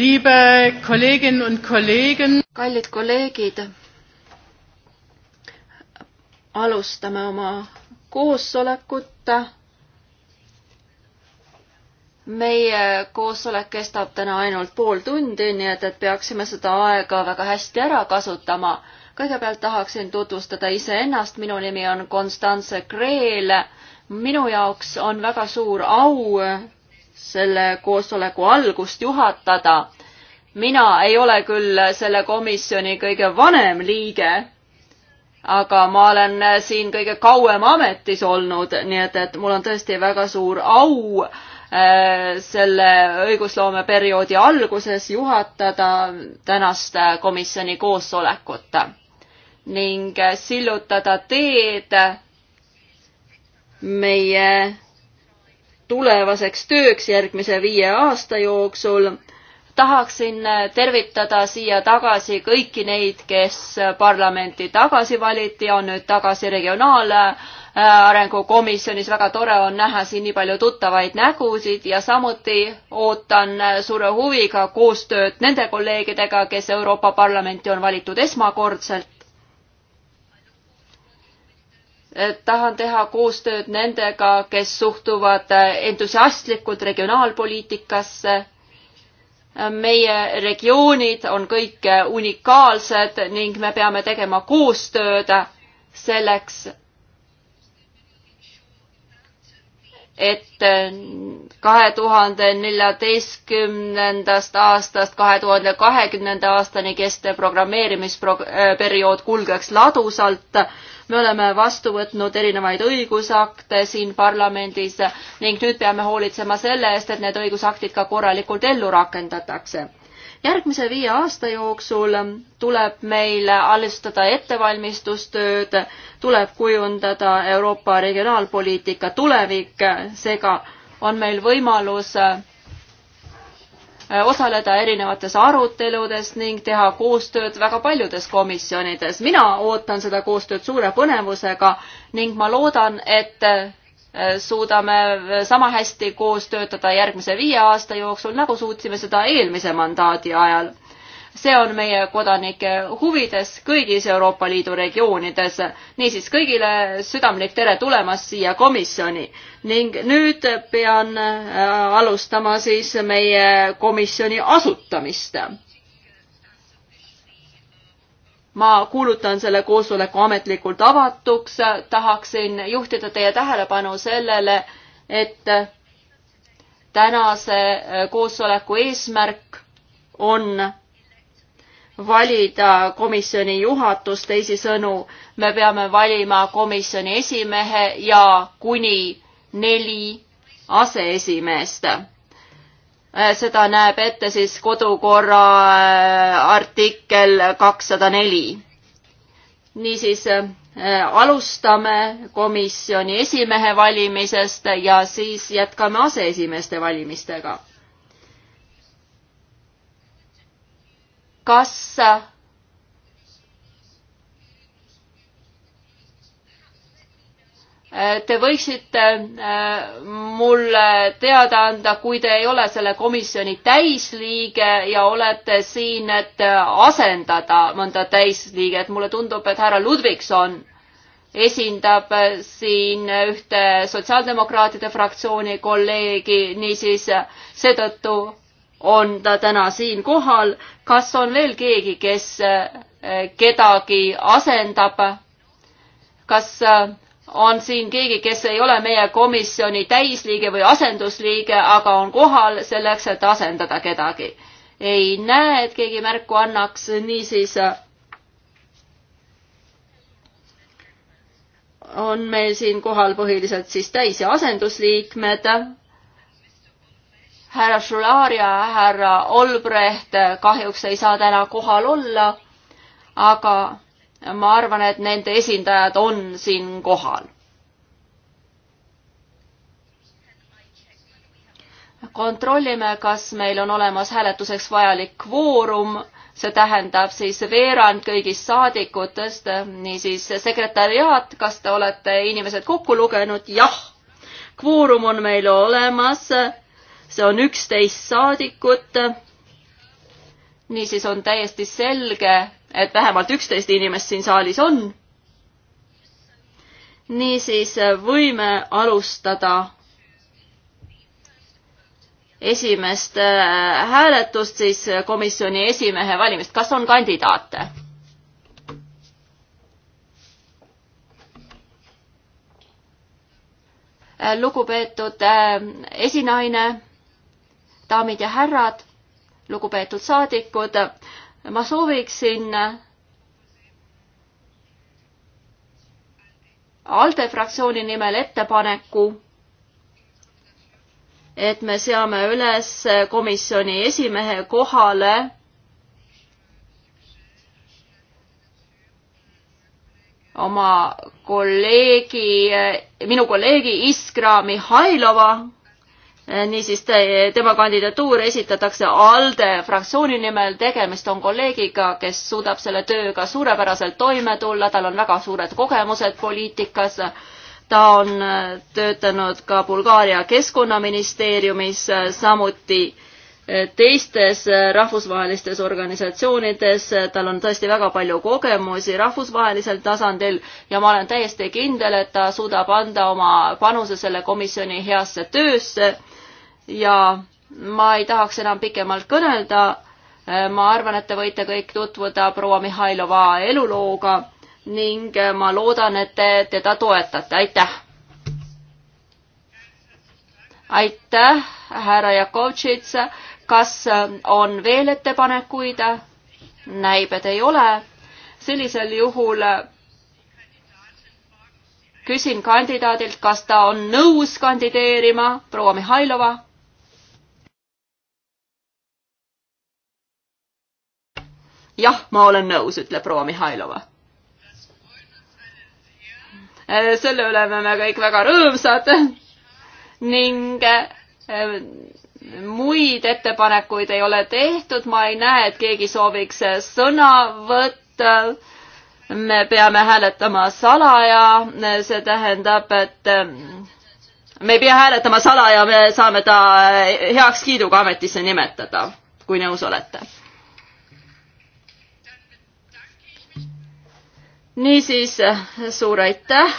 Liebe Kolleginnen und Kollegen. kallid kolleegid, alustame oma koosolekut. meie koosolek kestab täna ainult pool tundi, nii et, et peaksime seda aega väga hästi ära kasutama. kõigepealt tahaksin tutvustada iseennast, minu nimi on Konstantse Kreel. minu jaoks on väga suur au selle koosoleku algust juhatada. mina ei ole küll selle komisjoni kõige vanem liige, aga ma olen siin kõige kauem ametis olnud, nii et, et mul on tõesti väga suur au äh, selle õigusloomeperioodi alguses juhatada tänast komisjoni koosolekut ning sillutada teed meie tulevaseks tööks järgmise viie aasta jooksul. tahaksin tervitada siia tagasi kõiki neid, kes parlamenti tagasi valiti, on nüüd tagasi regionaalarengu äh, komisjonis, väga tore on näha siin nii palju tuttavaid nägusid ja samuti ootan suure huviga koostööd nende kolleegidega, kes Euroopa Parlamenti on valitud esmakordselt tahan teha koostööd nendega, kes suhtuvad äh, entusiastlikult regionaalpoliitikasse. meie regioonid on kõik äh, unikaalsed ning me peame tegema koostööd selleks, et äh, kahe tuhande neljateistkümnendast aastast kahe tuhande kahekümnenda aastani kestev programmeerimisperiood kulgeks ladusalt me oleme vastu võtnud erinevaid õigusakte siin parlamendis ning nüüd peame hoolitsema selle eest, et need õigusaktid ka korralikult ellu rakendatakse järgmise viie aasta jooksul tuleb meil alustada ettevalmistustööd, tuleb kujundada Euroopa regionaalpoliitika tulevik, seega on meil võimalus Äh, osaleda erinevates aruteludes ning teha koostööd väga paljudes komisjonides. mina ootan seda koostööd suure põnevusega ning ma loodan, et äh, suudame sama hästi koos töötada järgmise viie aasta jooksul, nagu suutsime seda eelmise mandaadi ajal see on meie kodanike huvides kõigis Euroopa Liidu regioonides. niisiis kõigile südamlik tere tulemast siia komisjoni ning nüüd pean äh, alustama siis meie komisjoni asutamist. ma kuulutan selle koosoleku ametlikult avatuks, tahaksin juhtida teie tähelepanu sellele, et tänase äh, koosoleku eesmärk on valida komisjoni juhatus, teisisõnu me peame valima komisjoni esimehe ja kuni neli aseesimeest. Äh, seda näeb ette siis kodukorra äh, artikkel kakssada neli. niisiis äh, alustame komisjoni esimehe valimisest ja siis jätkame aseesimeeste valimistega kas äh, Te võiksite äh, mulle teada anda, kui te ei ole selle komisjoni täisliige ja olete siin, et äh, asendada mõnda täisliiget. mulle tundub, et härra Ludvikson esindab siin ühte sotsiaaldemokraatide fraktsiooni kolleegi, niisiis seetõttu on ta täna siin kohal. kas on veel keegi, kes eh, kedagi asendab? kas eh, on siin keegi, kes ei ole meie komisjoni täisliige või asendusliige, aga on kohal selleks, et asendada kedagi? ei näe, et keegi märku annaks, niisiis eh, on meil siin kohal põhiliselt siis täis- ja asendusliikmed härra Šulaar ja härra Olbrecht kahjuks ei saa täna kohal olla, aga ma arvan, et nende esindajad on siin kohal. kontrollime, kas meil on olemas hääletuseks vajalik kvoorum see tähendab siis veerand kõigist saadikutest, niisiis sekretäriaat, kas te olete inimesed kokku lugenud? jah, kvoorum on meil olemas see on üksteist saadikut. niisiis on täiesti selge, et vähemalt üksteist inimest siin saalis on. niisiis võime alustada esimest äh, hääletust, siis komisjoni esimehe valimist. kas on kandidaate? Äh, lugupeetud äh, esinaine daamid ja härrad, lugupeetud saadikud, ma sooviksin ALDE fraktsiooni nimel ettepaneku, et me seame üles komisjoni esimehe kohale oma kolleegi, minu kolleegi Iskra Mihhailova Eh, niisiis tema kandidatuur esitatakse ALDE fraktsiooni nimel, tegemist on kolleegiga, kes suudab selle tööga suurepäraselt toime tulla, tal on väga suured kogemused poliitikas, ta on eh, töötanud ka Bulgaaria keskkonnaministeeriumis, eh, samuti teistes rahvusvahelistes organisatsioonides, tal on tõesti väga palju kogemusi rahvusvahelisel tasandil ja ma olen täiesti kindel, et ta suudab anda oma panuse selle komisjoni heasse töösse ja ma ei tahaks enam pikemalt kõnelda. ma arvan, et te võite kõik tutvuda proua Mihhailova elulooga ning ma loodan, et te teda toetate, aitäh! aitäh, härra Jakovtšits, kas on veel ettepanekuid? näib, et ei ole. sellisel juhul küsin kandidaadilt, kas ta on nõus kandideerima, proua Mihhailova jah, ma olen nõus, ütleb proua Mihhailova. Äh, selle üle me oleme kõik väga rõõmsad ning äh, muid ettepanekuid ei ole tehtud, ma ei näe, et keegi sooviks sõna võtta. me peame hääletama salaja, see tähendab, et äh, me ei pea hääletama salaja, me saame ta heakskiiduga ametisse nimetada, kui nõus olete niisiis suur aitäh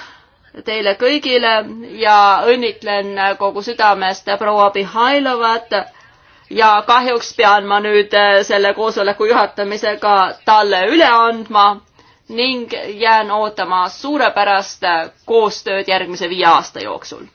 teile kõigile ja õnnitlen kogu südamest proua Mihhailovat ja kahjuks pean ma nüüd äh, selle koosoleku juhatamisega talle üle andma ning jään ootama suurepärast äh, koostööd järgmise viie aasta jooksul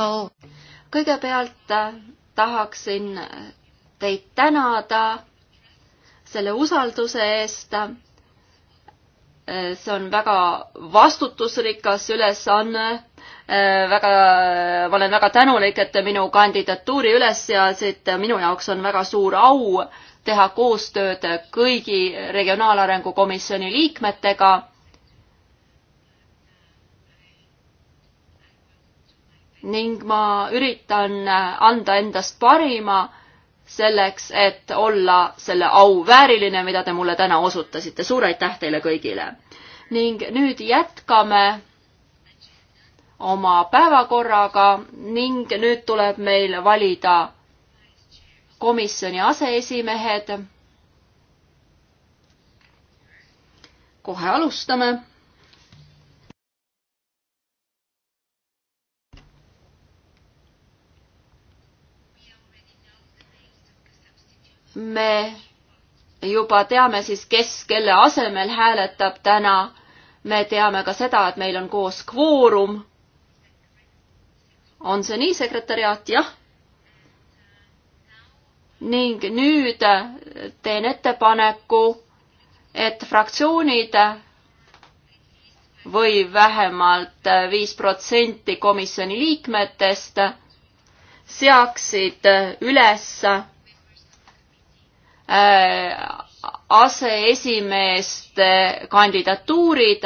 all... kõigepealt äh, tahaksin teid tänada selle usalduse eest. Äh, see on väga vastutusrikas ülesanne. Äh, väga, ma olen väga tänulik, et te minu kandidatuuri üles seadsite, minu jaoks on väga suur au teha koostööd kõigi Regionaalarengu Komisjoni liikmetega ning ma üritan äh, anda endast parima selleks, et olla selle au vääriline, mida te mulle täna osutasite. suur aitäh teile kõigile! ning nüüd jätkame oma päevakorraga ning nüüd tuleb meil valida komisjoni aseesimehed. kohe alustame me juba teame siis, kes kelle asemel hääletab täna. me teame ka seda, et meil on koos kvoorum. on see nii, sekretäriaat? jah. ning nüüd teen ettepaneku, et fraktsioonid või vähemalt viis protsenti komisjoni liikmetest seaksid üles Äh, aseesimeeste kandidatuurid.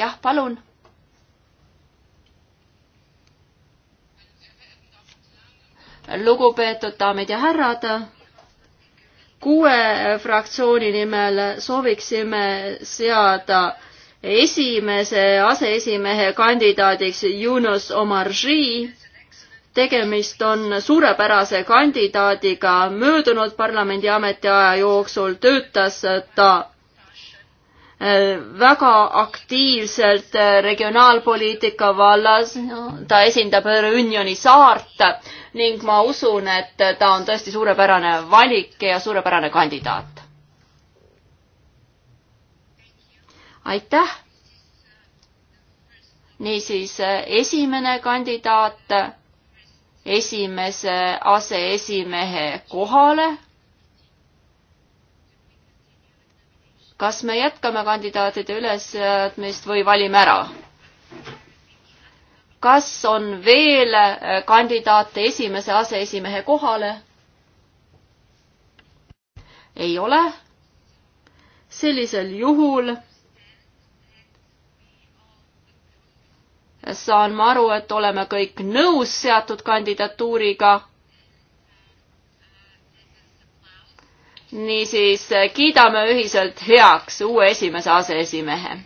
jah, palun. lugupeetud daamid ja härrad, kuue fraktsiooni nimel sooviksime seada esimese aseesimehe kandidaadiks Yunus Omarjee tegemist on suurepärase kandidaadiga, möödunud parlamendi ametiaja jooksul töötas ta äh, väga aktiivselt äh, regionaalpoliitika vallas, ta esindab Reunioni saart ning ma usun, et ta on tõesti suurepärane valik ja suurepärane kandidaat. aitäh. niisiis äh, esimene kandidaat esimese aseesimehe kohale. kas me jätkame kandidaatide ülesseadmist või valime ära? kas on veel kandidaate esimese aseesimehe kohale? ei ole. sellisel juhul saan ma aru, et oleme kõik nõus seatud kandidatuuriga. niisiis kiidame ühiselt heaks uue esimese aseesimehe.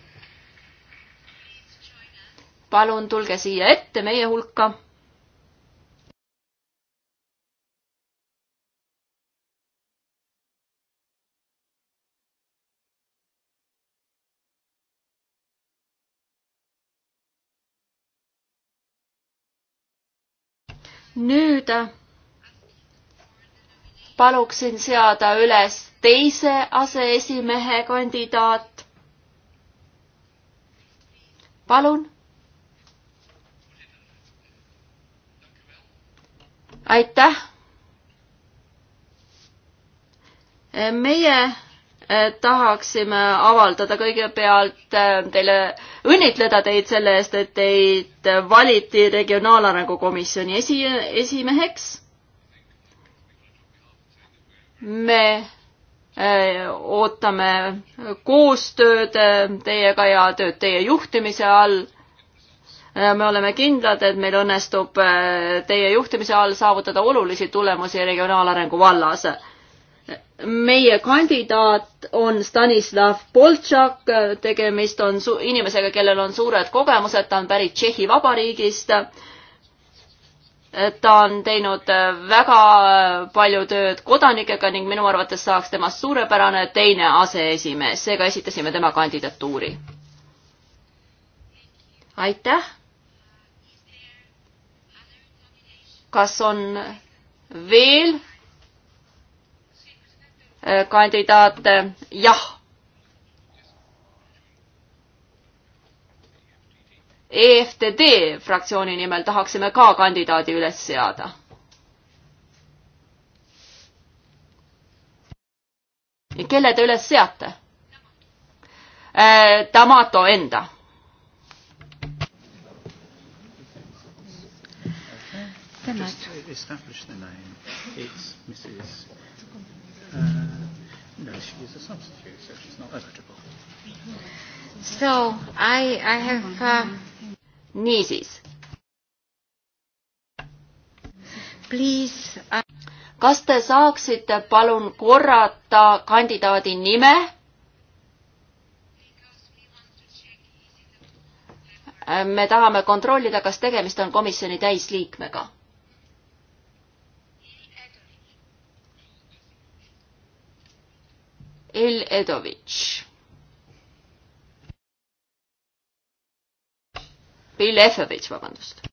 palun tulge siia ette meie hulka nüüd paluksin seada üles teise aseesimehe kandidaat. palun. aitäh. meie Eh, tahaksime avaldada kõigepealt eh, teile, õnnitleda teid selle eest, et teid valiti Regionaalarengu Komisjoni esi, esimeheks. me eh, ootame koostööd teiega ja tööd teie juhtimise all. me oleme kindlad, et meil õnnestub teie juhtimise all saavutada olulisi tulemusi regionaalarengu vallas meie kandidaat on Stanislav Boltšak, tegemist on inimesega, kellel on suured kogemused, ta on pärit Tšehhi Vabariigist. ta on teinud väga palju tööd kodanikega ning minu arvates saaks temast suurepärane teine aseesimees, seega esitasime tema kandidatuuri. aitäh. kas on veel kandidaate? jah. EFTD fraktsiooni nimel tahaksime ka kandidaadi üles seada. kelle te üles seate? Tamato äh, enda Just to establish the name, it's Mrs. Uh, no, she is a substitute, so she's not eligible. So I, I have uh, niisiis. Please uh.... kas te saaksite palun korrata kandidaadi nime? me tahame kontrollida, kas tegemist on komisjoni täisliikmega Edovič. Bill Efevits, vabandust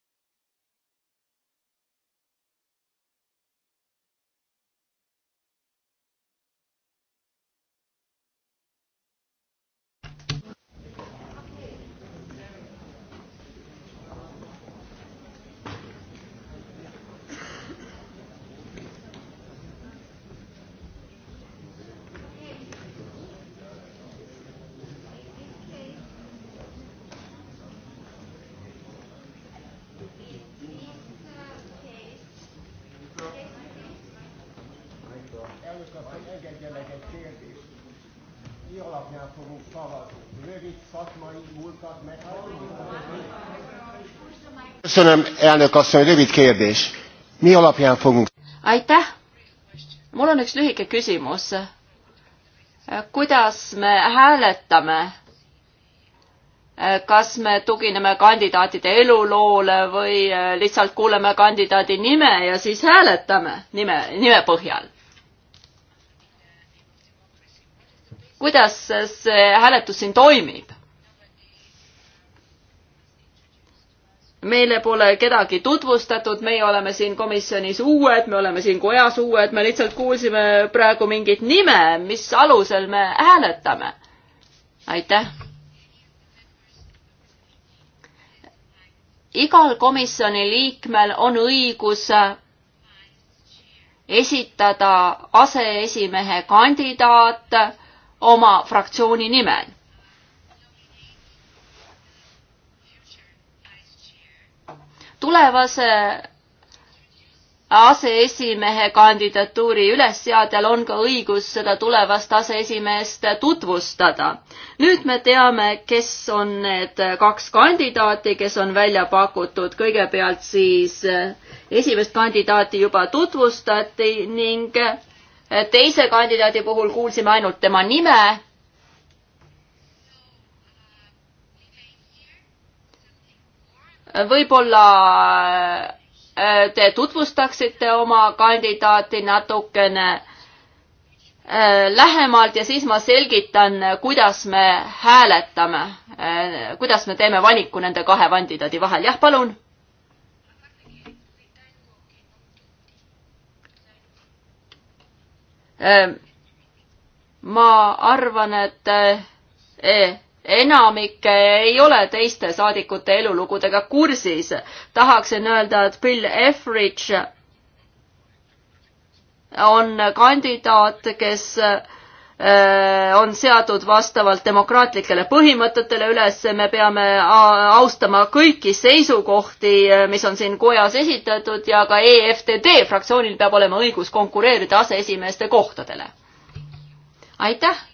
Köszönöm, elnök asszony, rövid kérdés. Mi alapján fogunk... Aitäh! Mul on üks lühike küsimus. Kuidas me hääletame? Kas me tugineme kandidaatide eluloole või lihtsalt kuuleme kandidaadi nime ja siis hääletame nime, nime põhjal? Kuidas see hääletus siin toimib? meile pole kedagi tutvustatud, meie oleme siin komisjonis uued, me oleme siin kojas uued, me lihtsalt kuulsime praegu mingit nime, mis alusel me hääletame. aitäh. igal komisjoni liikmel on õigus esitada aseesimehe kandidaat oma fraktsiooni nimel tulevase aseesimehe kandidatuuri ülesseadjal on ka õigus seda tulevast aseesimeest tutvustada. nüüd me teame, kes on need kaks kandidaati, kes on välja pakutud. kõigepealt siis esimest kandidaati juba tutvustati ning teise kandidaadi puhul kuulsime ainult tema nime võib-olla äh, te tutvustaksite oma kandidaati natukene äh, lähemalt ja siis ma selgitan, kuidas me hääletame, äh, kuidas me teeme valiku nende kahe kandidaadi vahel. jah, palun. ma arvan, et enamik ei ole teiste saadikute elulugudega kursis. tahaksin öelda, et Bill Efridge on kandidaat, kes äh, on seatud vastavalt demokraatlikele põhimõtetele üles, me peame äh, austama kõiki seisukohti, äh, mis on siin kojas esitatud ja ka EFTD fraktsioonil peab olema õigus konkureerida aseesimeeste kohtadele. aitäh!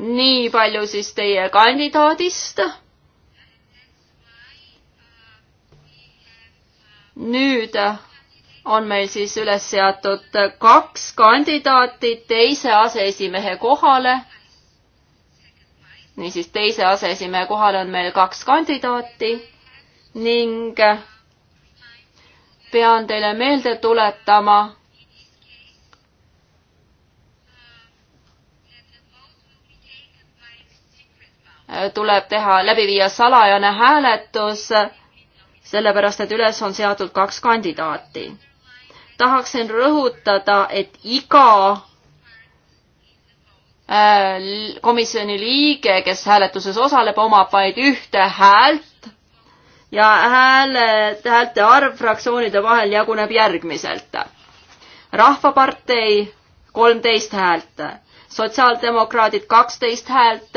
nii palju siis teie kandidaadist. nüüd on meil siis üles seatud kaks kandidaati teise aseesimehe kohale. niisiis, teise aseesimehe kohale on meil kaks kandidaati ning pean teile meelde tuletama, tuleb teha, läbi viia salajane hääletus, sellepärast et üles on seatud kaks kandidaati. tahaksin rõhutada, et iga äh, komisjoni liige, kes hääletuses osaleb, omab vaid ühte häält ja hääle, häälte arv fraktsioonide vahel jaguneb järgmiselt. rahvapartei kolmteist häält sotsiaaldemokraadid kaksteist häält,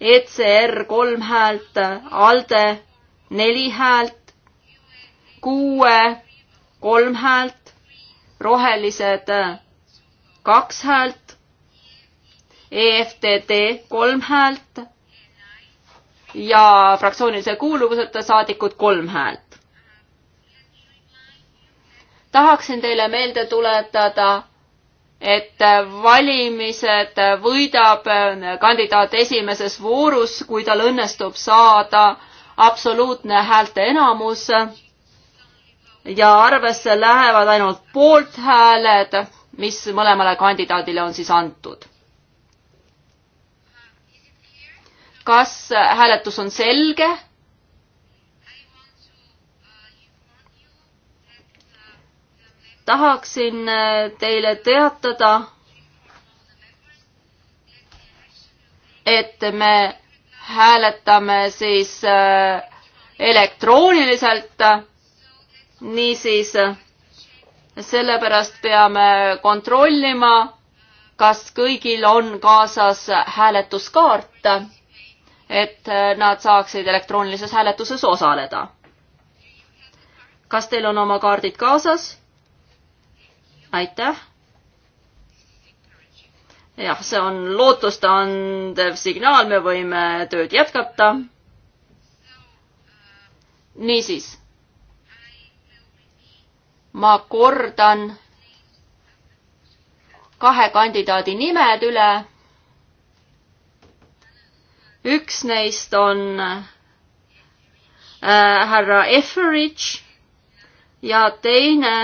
ECR kolm häält, ALDE neli häält, kuue kolm häält, rohelised kaks häält, EFTD kolm häält ja fraktsioonilise kuuluvuseta saadikud kolm häält. tahaksin teile meelde tuletada, et äh, valimised võidab äh, kandidaat esimeses voorus, kui tal õnnestub saada absoluutne häälte enamus ja arvesse lähevad ainult poolthääled, mis mõlemale kandidaadile on siis antud. kas hääletus on selge? tahaksin äh, teile teatada, et me hääletame siis äh, elektrooniliselt. niisiis, sellepärast peame kontrollima, kas kõigil on kaasas hääletuskaart, et äh, nad saaksid elektroonilises hääletuses osaleda. kas teil on oma kaardid kaasas? aitäh. jah, see on lootustandev signaal, me võime tööd jätkata. niisiis. ma kordan kahe kandidaadi nimed üle. üks neist on äh, härra Efferidge ja teine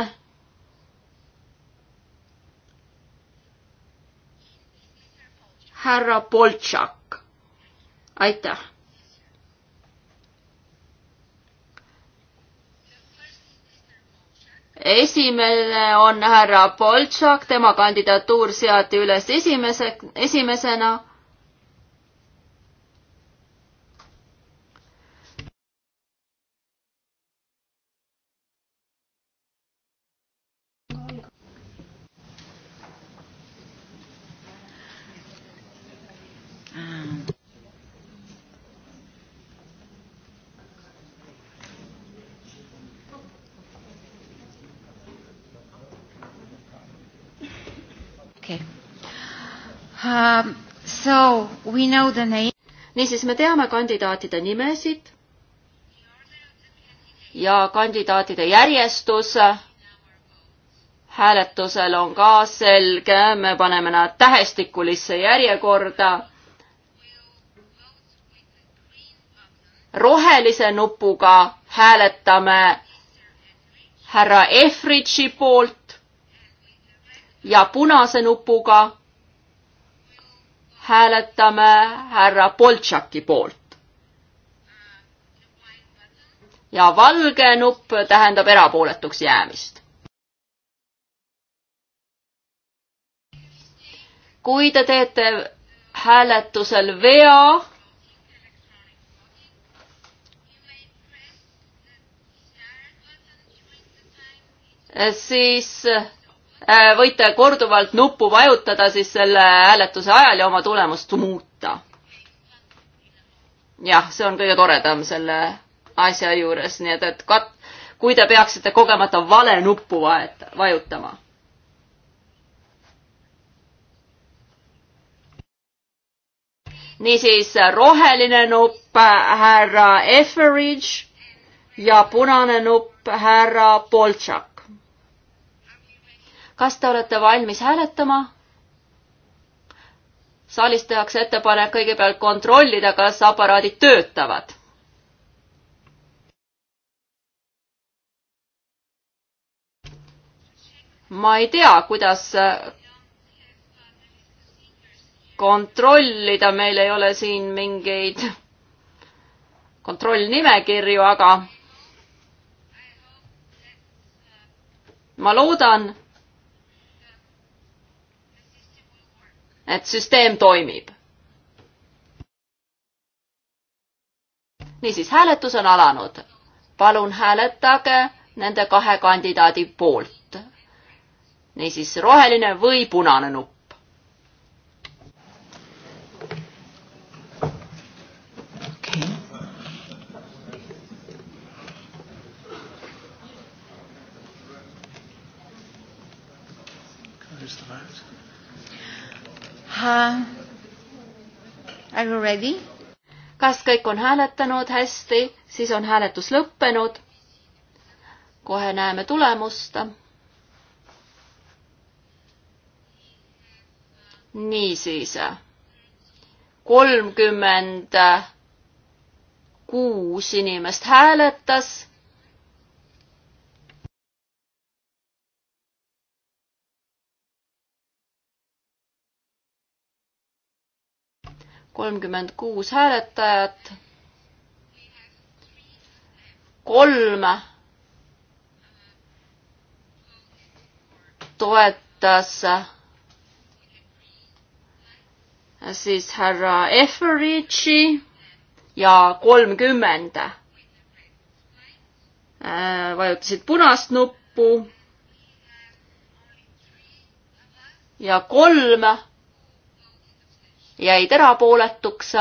härra Boltšak. aitäh. esimene on härra Boltšak, tema kandidatuur seati üles esimese, esimesena Um, so we know the name. niisiis, me teame kandidaatide nimesid ja kandidaatide järjestus hääletusel on ka selge, me paneme nad tähestikulisse järjekorda. rohelise nupuga hääletame härra Efridži poolt ja punase nupuga hääletame härra Boltšaki poolt. ja valge nupp tähendab erapooletuks jäämist. kui te teete hääletusel vea, siis Äh, võite korduvalt nuppu vajutada siis selle hääletuse ajal ja oma tulemust muuta. jah, see on kõige toredam selle asja juures, nii et, et kat-, kui te peaksite kogemata vale nuppu vaeta-, vajutama niisiis roheline nupp äh, härra Efferidge ja punane nupp härra Boltšak kas te olete valmis hääletama? saalis tehakse ettepanek kõigepealt kontrollida, kas aparaadid töötavad. ma ei tea, kuidas kontrollida, meil ei ole siin mingeid kontrollnimekirju, aga ma loodan et süsteem toimib. niisiis, hääletus on alanud. palun hääletage nende kahe kandidaadi poolt. niisiis roheline või punane nupp. Uh, are you ready? kas kõik on hääletanud hästi, siis on hääletus lõppenud. kohe näeme tulemust. niisiis, kolmkümmend kuus inimest hääletas kolmkümmend kuus hääletajat. kolm toetas siis härra Etheridge'i ja kolmkümmend äh, vajutasid punast nuppu ja kolm jäid erapooletuks.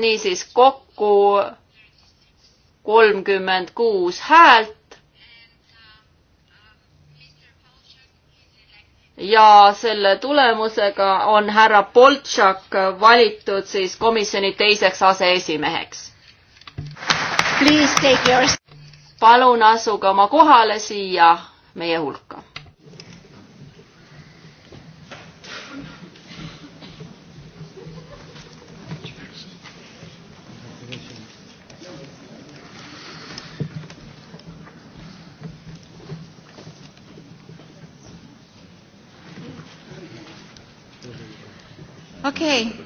niisiis kokku kolmkümmend kuus häält. ja selle tulemusega on härra Boltšak valitud siis komisjoni teiseks aseesimeheks. palun asuge oma kohale siia meie hulka okei okay.,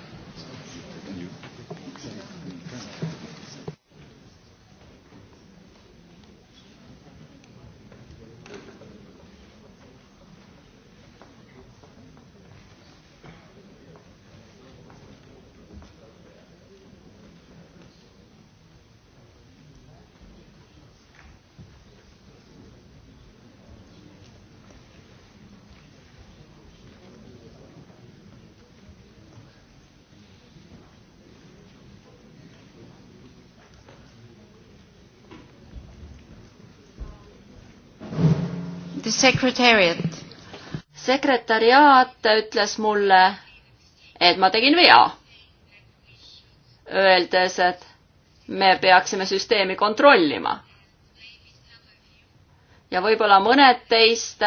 secretariat. sekretariaat ütles mulle, et ma tegin vea, öeldes, et me peaksime süsteemi kontrollima. ja võib-olla mõned teist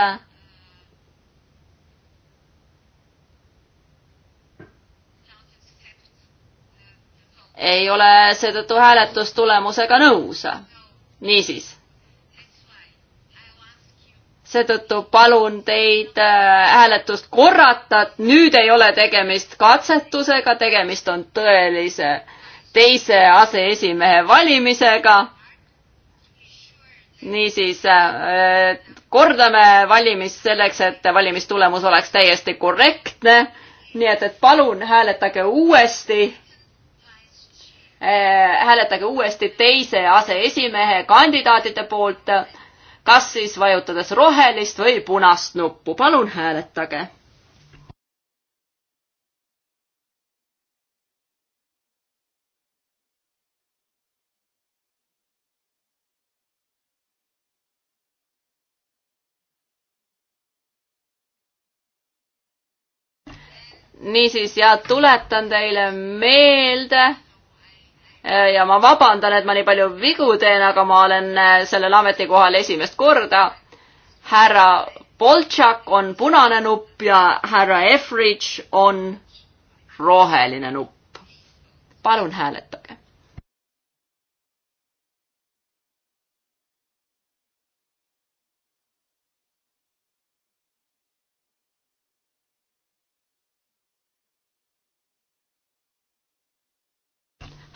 ei ole seetõttu hääletustulemusega nõus. niisiis, seetõttu palun teid äh, hääletust korrata, et nüüd ei ole tegemist katsetusega, tegemist on tõelise teise aseesimehe valimisega. niisiis äh, kordame valimist selleks, et valimistulemus oleks täiesti korrektne. nii et, et palun hääletage uuesti äh, hääletage uuesti teise aseesimehe kandidaatide poolt kas siis vajutades rohelist või punast nuppu. palun hääletage. niisiis ja tuletan teile meelde Äh, ja ma vabandan, et ma nii palju vigu teen, aga ma olen äh, sellel ametikohal esimest korda. härra Boltšak on punane nupp ja härra Efridž on roheline nupp. palun hääletage.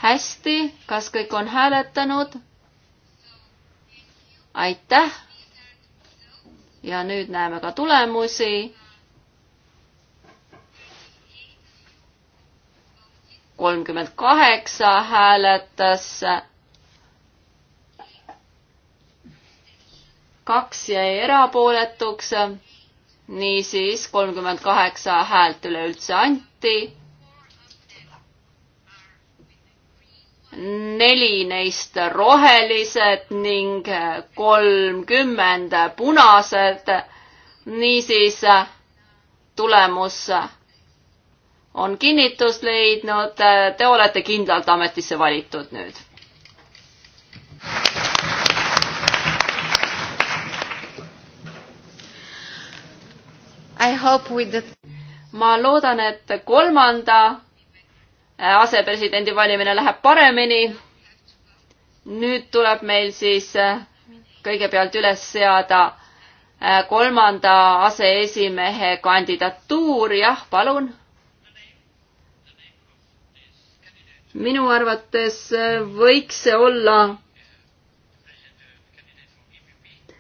hästi, kas kõik on hääletanud? aitäh. ja nüüd näeme ka tulemusi. kolmkümmend kaheksa hääletas. kaks jäi erapooletuks. niisiis kolmkümmend kaheksa häält üleüldse anti neli neist rohelised ning kolmkümmend punased. niisiis tulemus on kinnitust leidnud, te olete kindlalt ametisse valitud nüüd. I hope with the ma loodan, et kolmanda asepresidendi valimine läheb paremini. nüüd tuleb meil siis äh, kõigepealt üles seada äh, kolmanda aseesimehe kandidatuur, jah, palun. minu arvates äh, võiks see olla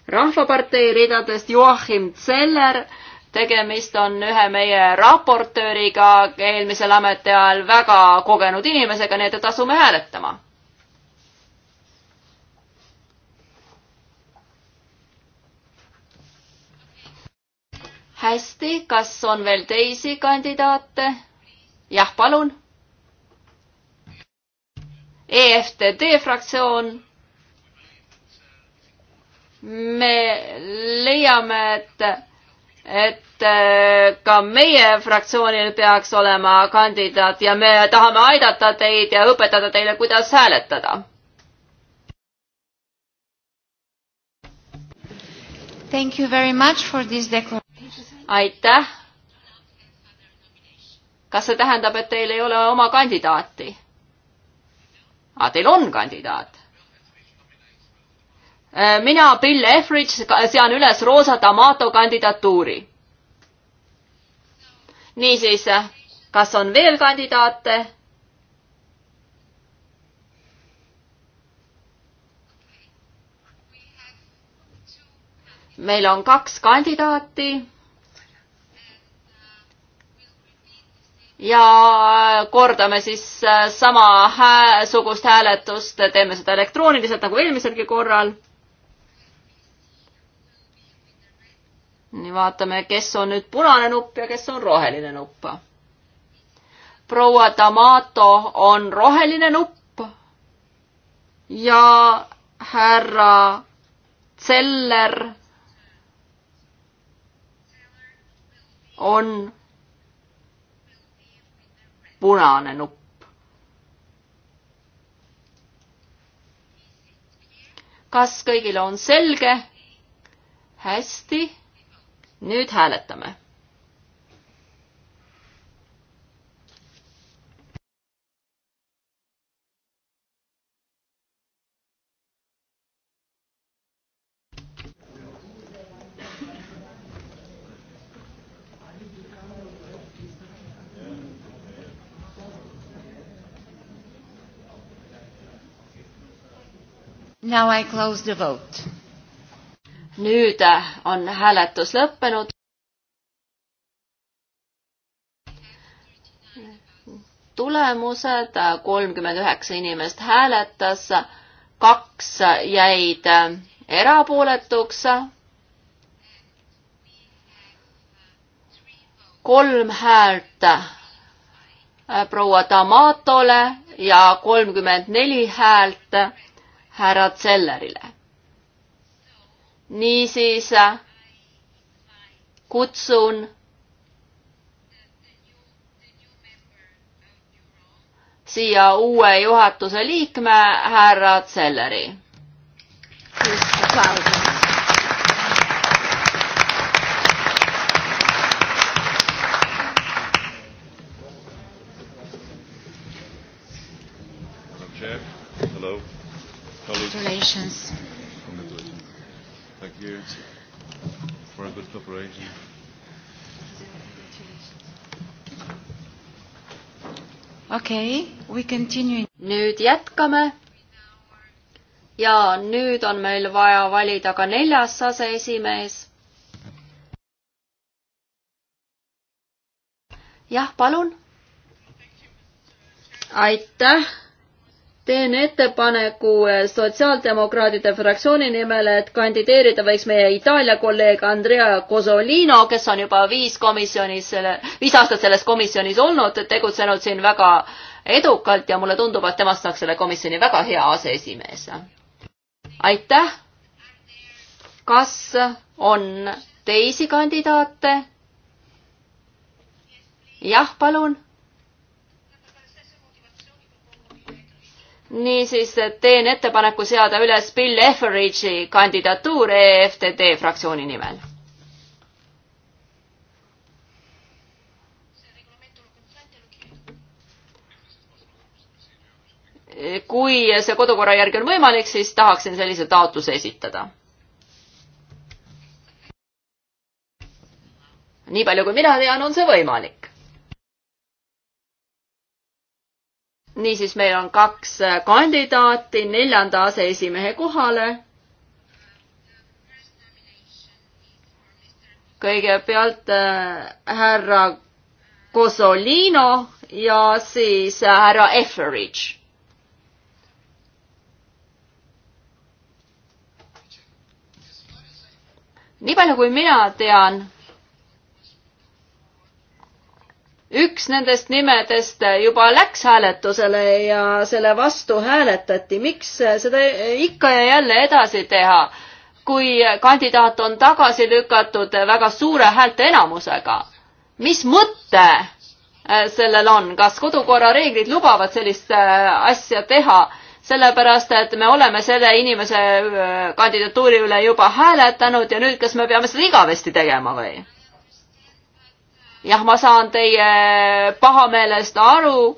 rahvapartei ridadest Joachim Zeller tegemist on ühe meie raportööriga eelmisel ametiajal väga kogenud inimesega, nii et asume hääletama. hästi, kas on veel teisi kandidaate? jah, palun. EFTD fraktsioon me leiame, et et äh, ka meie fraktsioonil peaks olema kandidaat ja me tahame aidata teid ja õpetada teile, kuidas hääletada. Thank you very much for this declaration. aitäh. kas see tähendab, et teil ei ole oma kandidaati? Ah, teil on kandidaat? Äh, mina, Bill Ehridge, sean üles Rosa D'Amato kandidatuuri. niisiis, äh, kas on veel kandidaate? meil on kaks kandidaati. ja äh, kordame siis sama hää, sugust hääletust, teeme seda elektrooniliselt nagu eelmiselgi korral nii, vaatame, kes on nüüd punane nupp ja kes on roheline nupp. proua D'Amato on roheline nupp ja härra Zeller on punane nupp. kas kõigile on selge? hästi nüüd hääletame. Now I close the vote nüüd äh, on hääletus lõppenud. tulemused, äh, kolmkümmend üheksa inimest hääletas, kaks jäid äh, erapooletuks. kolm häält proua Damatole ja kolmkümmend neli häält härra Zellerile niisiis kutsun siia uue juhatuse liikme härra Zelleri. Congratulations experience for a good cooperation. okei okay,, we continue. nüüd jätkame. ja nüüd on meil vaja valida ka neljas aseesimees. jah, palun. aitäh teen ettepaneku sotsiaaldemokraadide fraktsiooni nimel, et kandideerida võiks meie Itaalia kolleeg Andrea Cosolino, kes on juba viis komisjonis, viis aastat selles komisjonis olnud, tegutsenud siin väga edukalt ja mulle tundub, et temast saaks selle komisjoni väga hea aseesimees. aitäh. kas on teisi kandidaate? jah, palun niisiis teen ettepaneku seada üles Bill Efferidge'i kandidatuur EFTD fraktsiooni nimel. kui see kodukorra järgi on võimalik, siis tahaksin sellise taotluse esitada. nii palju, kui mina tean, on see võimalik. niisiis, meil on kaks äh, kandidaati neljanda aseesimehe kohale. kõigepealt äh, härra Cosolino ja siis äh, härra Etheridge. nii palju, kui mina tean üks nendest nimedest juba läks hääletusele ja selle vastu hääletati. miks seda ikka ja jälle edasi teha, kui kandidaat on tagasi lükatud väga suure häälteenamusega? mis mõte sellel on, kas kodukorra reeglid lubavad sellist äh, asja teha? sellepärast, et me oleme selle inimese äh, kandidatuuri üle juba hääletanud ja nüüd, kas me peame seda igavesti tegema või? jah, ma saan teie pahameelest aru,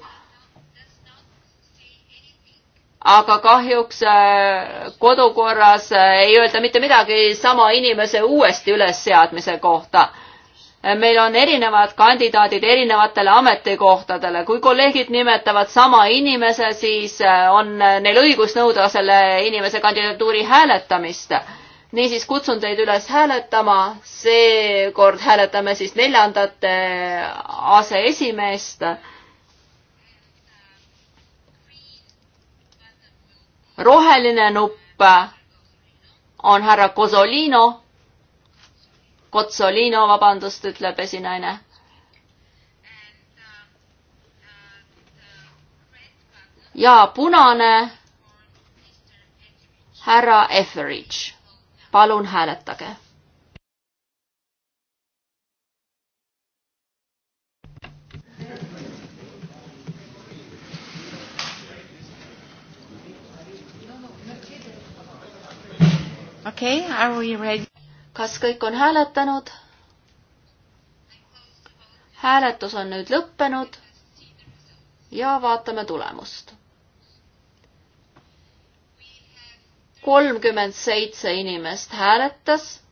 aga kahjuks äh, kodukorras äh, ei öelda mitte midagi sama inimese uuesti ülesseadmise kohta äh, meil on erinevad kandidaadid erinevatele ametikohtadele. kui kolleegid nimetavad sama inimese, siis on neil õigus nõuda selle inimese kandidatuuri hääletamist niisiis kutsun teid üles hääletama, seekord hääletame siis neljandat aseesimeest. roheline nupp on härra Cosolino. Cosolino, vabandust, ütleb esinaine. ja punane härra Etheridge palun hääletage. okei okay,, are we ready? kas kõik on hääletanud? hääletus on nüüd lõppenud ja vaatame tulemust kolmkümmend seitse inimest hääletas.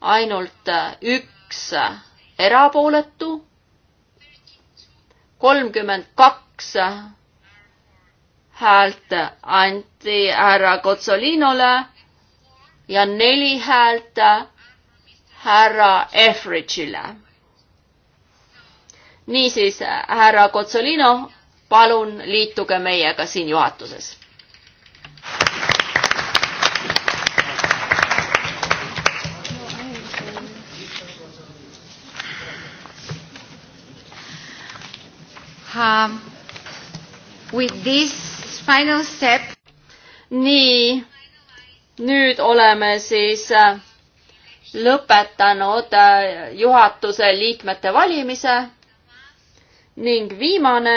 ainult üks erapooletu. kolmkümmend kaks häält anti härra Kotsolinole ja neli häält härra Efridžile. niisiis, härra Kotsolino palun liituge meiega siin juhatuses. Um, with this final step. nii, nüüd oleme siis äh, lõpetanud äh, juhatuse liikmete valimise ning viimane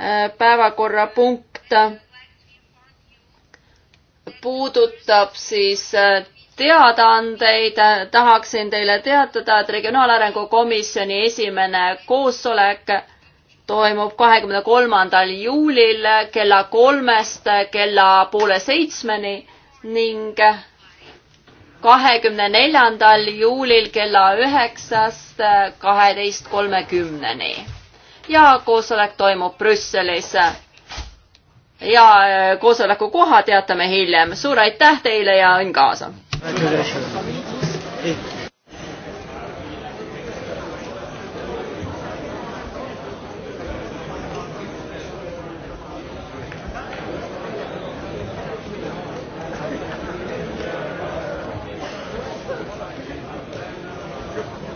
Äh, päevakorrapunkt äh, puudutab siis äh, teadaandeid. tahaksin teile teatada, et Regionaalarengu Komisjoni esimene koosolek toimub kahekümne kolmandal juulil kella kolmest kella poole seitsmeni ning kahekümne neljandal juulil kella üheksast kaheteist kolmekümneni ja koosolek toimub Brüsselis. ja äh, koosoleku koha teatame hiljem. suur aitäh teile ja õnn kaasa!